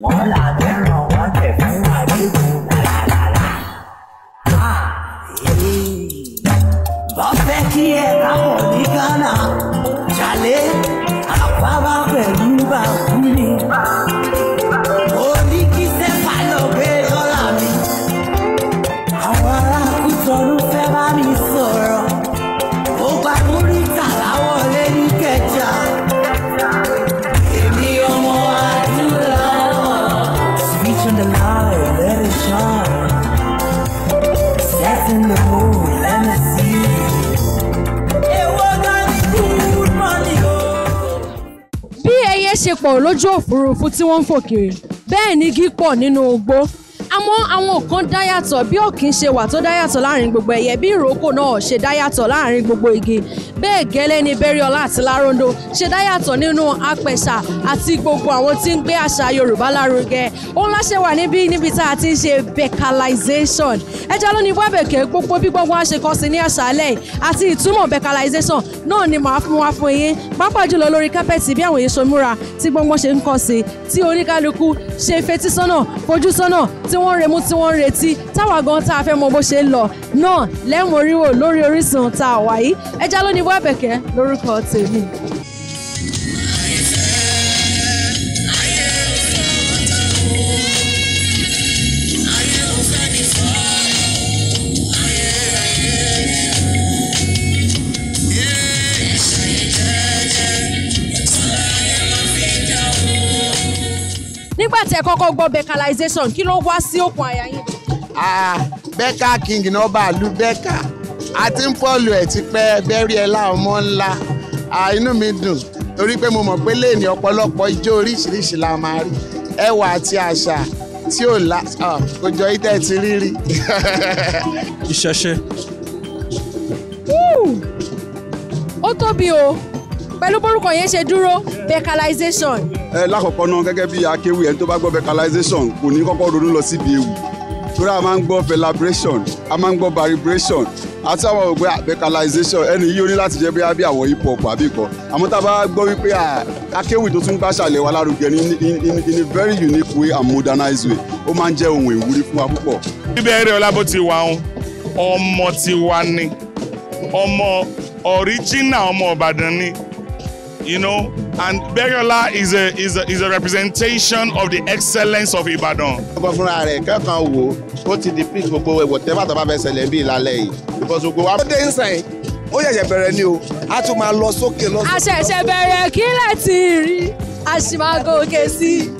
我们俩。pọ̀ lójú òfurufú tí wọ́n ń fò kiri bẹ́ẹ̀ ni igi pọ̀ nínú ogbó àmọ́ àwọn kan dáyàtọ̀ bí òkín ṣe wà tó dáyàtọ̀ láàrin gbogbo ẹyẹ bí ìrókò náà ṣe dáyàtọ̀ láàrin gbogbo igi bẹ́ẹ̀ gẹ́lẹ́ ni Bẹ́ríọlá àti Láróńdó ṣe dáyàtọ̀ nínú apẹ̀ṣà àti gbogbo àwọn tí ń gbé àṣà Yorùbá lárugẹ òun láṣẹ wà níbí níbi tá a ti ń ṣe becalization ẹja ló ní wẹ́bẹ̀kẹ́ gbogbo bí gbogbo wa ṣe kọ́ sí ní àṣálẹ̀ àti ìtumọ̀ becalization náà ni màá fún wa fún yín pápá jùlọ lórí kápẹ́ẹ̀tì bí àwọn èyí ṣe múra tí gbọ́ngbọ́n ṣe ń kọ́ sí tí oníkálukú ṣe fetísọ́nà fojúsọ́nà tí wọ́n ń remú tí wọ́n ń retí táwa gan tá a fẹ́ náà lẹ́mọ̀ oríwò lórí Orísun tá a wà yìí ẹja ló ní wábẹ̀kẹ́ lórúkọ tèmi. nígbà tí ẹ kọ́kọ́ gbọ́ becalization kí ló wá sí òkun àyà yín. Ah, Becca King náà bá lu Becca àti ń fọ́ọ̀lù ẹ̀ ti pẹ́ bẹ́rí ẹ̀ láwọn ọmọ ńlá inú mi dùn torí pé mo mọ̀ pé léèní ọ̀pọ̀lọpọ̀ ijó oríṣiríṣi la máa rí ẹwà àti àṣà tí ò la òjò ìtẹ̀ ti rí rí. ìṣẹ̀ṣe. ó tóbi o pẹ̀lú bórúkọ yẹn ṣe dúró becalization. ẹ lákọ̀ọ́kọ́ náà gẹ́gẹ́ bí akéwì ẹni tó bá gbọ́ becalization kò ní kọ́kọ́ ronú lọ síbi ewì tura a máa ń gbọ́ velabration a máa ń gbọ́ baribration àti àwọn ògbé àbẹ̀kalization ẹni yìí ó ní láti jẹ́ bí abẹ́ àwọ̀ hip hop àmọ́ tá a bá gbọ́ wípé akéwì tó tún gbàṣà lẹ̀ lárugẹ ní in a very unique way and modernized way ó máa ń jẹ́ ohun ìwúrí fún wa you know. And Beriola is a is a is a representation of the excellence of Ibadan. ó yẹ̀yẹ̀ bẹ̀rẹ̀ ni o a tún máa lọ sókè lọ. a ṣẹ̀ṣẹ̀ bẹ̀rẹ̀ kílẹ̀ tí rí a sì máa gòkè sí i.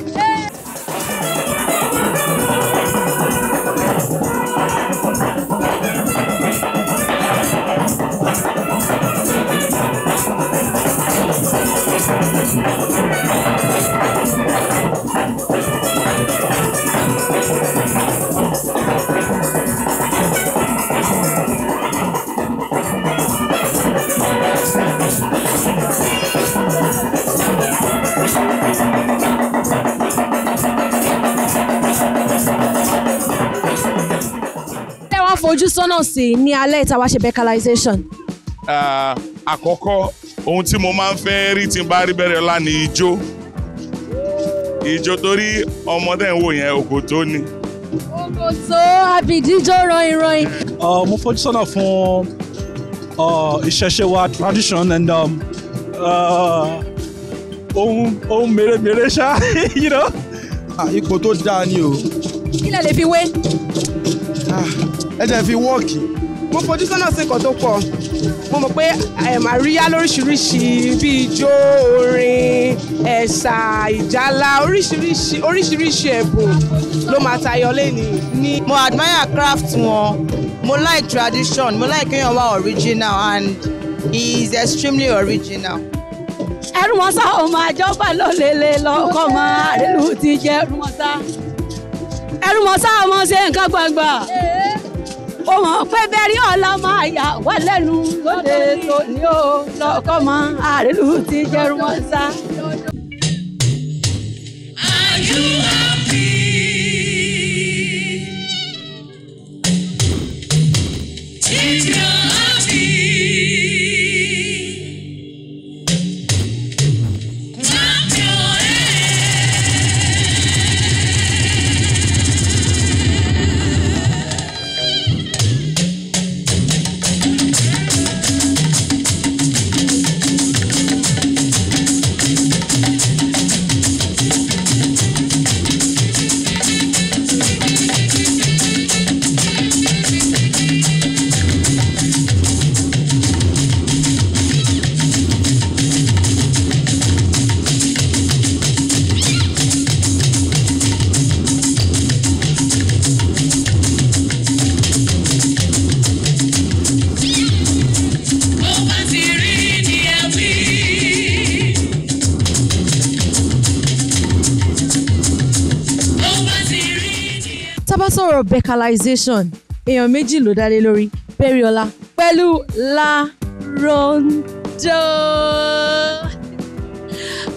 fojú sọ́nà sí ní alẹ́ ìtawà ṣe bẹ́ẹ̀ calculation. àkọ́kọ́ ohun tí mo máa ń fẹ́ rí tí n bá rí bẹ̀rẹ̀ ọlá ni ijó ijó torí ọmọdé ń wò yẹn ògòtó ni. ògòtó àbìdíjó rọyìn rọyìn. mo fojú sọ́nà fún ìṣẹ̀ṣe wa tradition and um, ohun ohun mèremère ṣá you know. Ah, ipò tó dáa ni o. kí lè lè fi wé. Ah, ẹ jẹ́ fi wọ́ọ̀kì mo fojú sọ́nà sí nǹkan tó pọ̀ mo mọ̀ pé àríyá lóríṣiríṣi bíi ijó orin ẹ̀sà ìjálá oríṣiríṣi ẹ̀bùn ló máa tayọ lẹ́ni. mo admire craft wọn mo like tradition mo like kéèyàn wá original and he is extremely original. ẹrù wọn sá ọmọ àjọpá ló lélẹ̀ lọkọ ọmọ àrẹlù ti jẹ ẹrù wọn sá ẹrù wọn sá ọmọ ṣe nǹkan gbangba ó pé bẹ́rí ọ̀la máa yà wá lẹ́nu lóde tòní ó lọ́kọ́ mọ àrèlú ti jẹ́rú wọn sá. Are you happy? tá bá sọ̀rọ̀ becalization èèyàn méjì ló dá lé lórí Bẹ́ríọlá pẹ̀lú Larondo.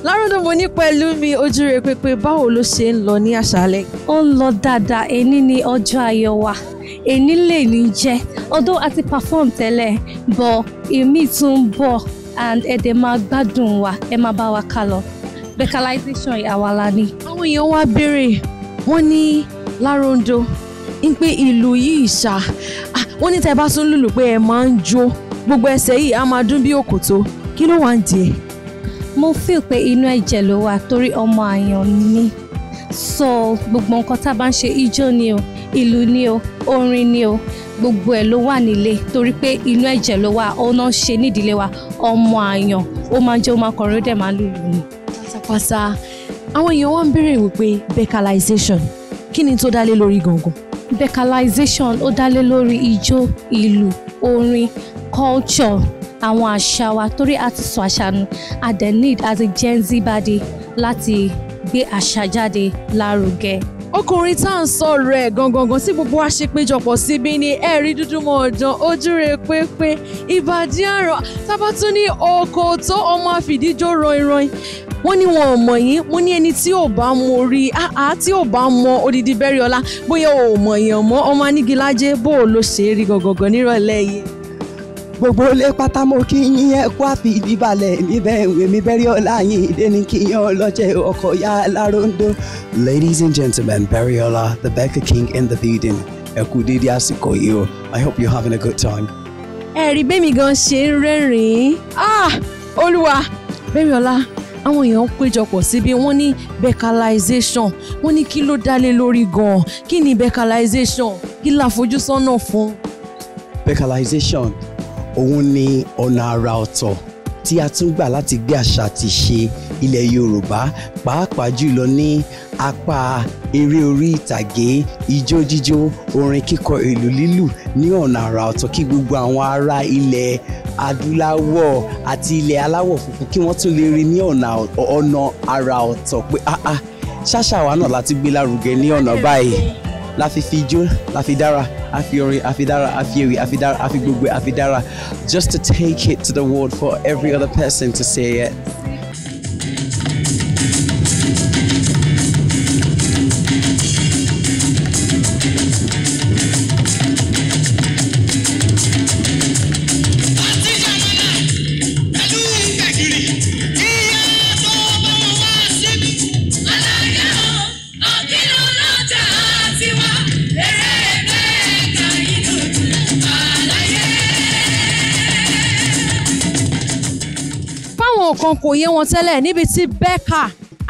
Larondo mo ní pẹ̀lú mi ojú rẹ̀ pépé báwo ló ṣe ń lọ ní àṣálẹ́. ó ń lọ dáadáa èní ni ọjọ́ ayọ̀ wa èní lè ní jẹ́ ọdún àti perform tẹ́lẹ̀ bọ̀ èmi tún bọ̀ and ẹ̀dẹ̀ máa gbádùn wa ẹ máa bá wa kà lọ becalization àwa la ni. àwọn èèyàn wá béèrè wọ́n ní lárondo ń pé ìlú yìí ṣá wọ́n ní tẹ́ bá tún lùlù pé ẹ máa ń jó gbogbo ẹsẹ̀ yìí á máa dún bí òkòtó kí ló wà ń di ẹ. mo feel pé inú ẹ̀jẹ̀ ló wà torí ọmọ àyàn ni so gbogbo nǹkan tá a bá ń ṣe ijó ni o ìlú ni o orin ni o gbogbo ẹ̀ ló wà nílé torí pé inú ẹ̀jẹ̀ ló wà ó náà ṣe nídìílé wa ọmọ àyàn ó máa ń jẹ́ ó máa kọrin ó dẹ̀ máa lùlù ni. pátápátá àwọn èèyàn wá ń béèrè wípé becalization kí ni tó dálé lórí gangan. Becalization ó dálé lórí ijó ìlù orin culture àwọn àṣà wa torí a ti sọ àṣà nù a dẹ̀ need as a Gen Z body láti gbé àṣà jáde lárugẹ ọkùnrin tá à ń sọ̀rọ̀ ẹ̀ gangan tí gbogbo wa ṣe péjọpọ̀ síbí ni ẹ̀rí dúdú mọ́ ọ̀dàn ojúre pépé ìbàdí àrọ̀ tábà tún ní ọkọ̀ tó ọmọ àfìdíjọ́ rọ̀ìrọ̀ìn wọ́n ní wọn ò mọ̀ yín mo ní ẹni tí ò bá mọ orí àá tí ò bá mọ odidi bẹ́rẹ̀ ọlá bóyá ò mọ̀ yàn mọ́ ọmọ anígilájẹ́ bó o lo ṣe é rí gọ̀gọ̀gọ̀ nírọ̀lẹ́ yìí gbogbo ilé pátá mo kí yín ẹ kú àfìdíbalẹ̀ mi bẹ́ẹ̀ mi bẹ́ẹ̀ rí yín ìdè ní kí yín ọlọ́jẹ́ ọkọ̀ yá láròndó. Ladies and gentlemen, Beriola, the Becca King in the building. Ẹ kú àsìkò yìí o. I hope you're having a good time. Ẹ̀rí bẹ́mi gan ṣe ń rẹ́rìn-ín. Ah! Olúwa! Beriola, àwọn èèyàn ń péjọpọ̀ síbi wọ́n ní becalization wọ́n ní kí ló dálé lórí gan-an kí ni becalization kí láfojúsọ́nà fún. becalization òun ni ọ̀nà àrà ọ̀tọ̀ tí a tún gbà láti gbé àṣà àti ṣe ilẹ̀ Yorùbá pàápàá jùlọ ní apá eré orí ìtàgé ijó jíjó orin kíkọ ìlú lílù ní ọ̀nà àrà ọ̀tọ̀ kí gbogbo àwọn ará ilẹ̀ adúláwọ̀ àti ilẹ̀ aláwọ̀ funfun kí wọ́n tún lè rí ní ọ̀nà àrà ọ̀tọ̀ pé ah, ah, ṣáṣà wa náà láti gbé lárugẹ ní ọ̀nà báyìí. la fi fi jó la fi dára a fi just to take it to the world for every other person to say it. kan kò yé wọn tẹ́lẹ̀ níbi tí bẹ́ẹ̀kà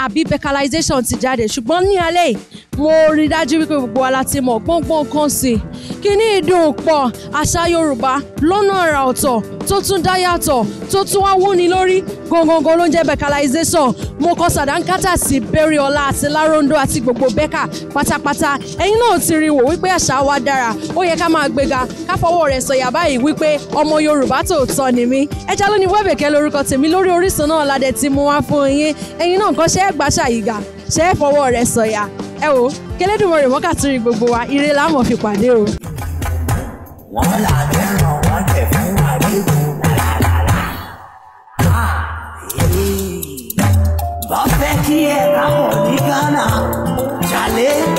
àbí bẹ́ẹ̀kàlization ti jáde ṣùgbọ́n ní alẹ́ mo rí dájú wípé gbogbo wa la ti mọ̀ gbọ́ngbọ́n kan sí i kíní ìdùn pọ̀ àṣà Yorùbá lọ́nà àrà ọ̀tọ̀ tó tún dá yàtọ̀ tó tún wá wúni lórí gongongo ló ń jẹ́ bẹ̀kálàization mo kọ sàdánkátà sí bẹ́ríọlá àti lárondo àti gbogbo bẹ́kà pátápátá ẹ̀yin náà ti rí wò wípé àṣà wa dára ó yẹ ká máa gbéga ká fọwọ́ rẹ̀ sọ̀yà báyìí wípé ọmọ Yorùbá tòótọ́ ni mí ẹja ló ní wẹ́bẹ̀kẹ́ lórúkọ tèmi lórí Orísun náà ládẹ tí mo wá fún yín ẹ̀yin náà nǹkan gbàṣà yìí gà ṣe fọwọ́ rẹ̀ sọ̀yà ẹ wò kẹlẹ́dùnmọ̀rẹ̀ mọ́kàtúrì gbogbo wa ire láwọn fi pàdé o. wọ́n làbẹ́ ràn wọ́n tẹ̀ fún àdéhùn làlàlà. bá kí ẹ̀ ráwọ̀ ní Ghana jalè.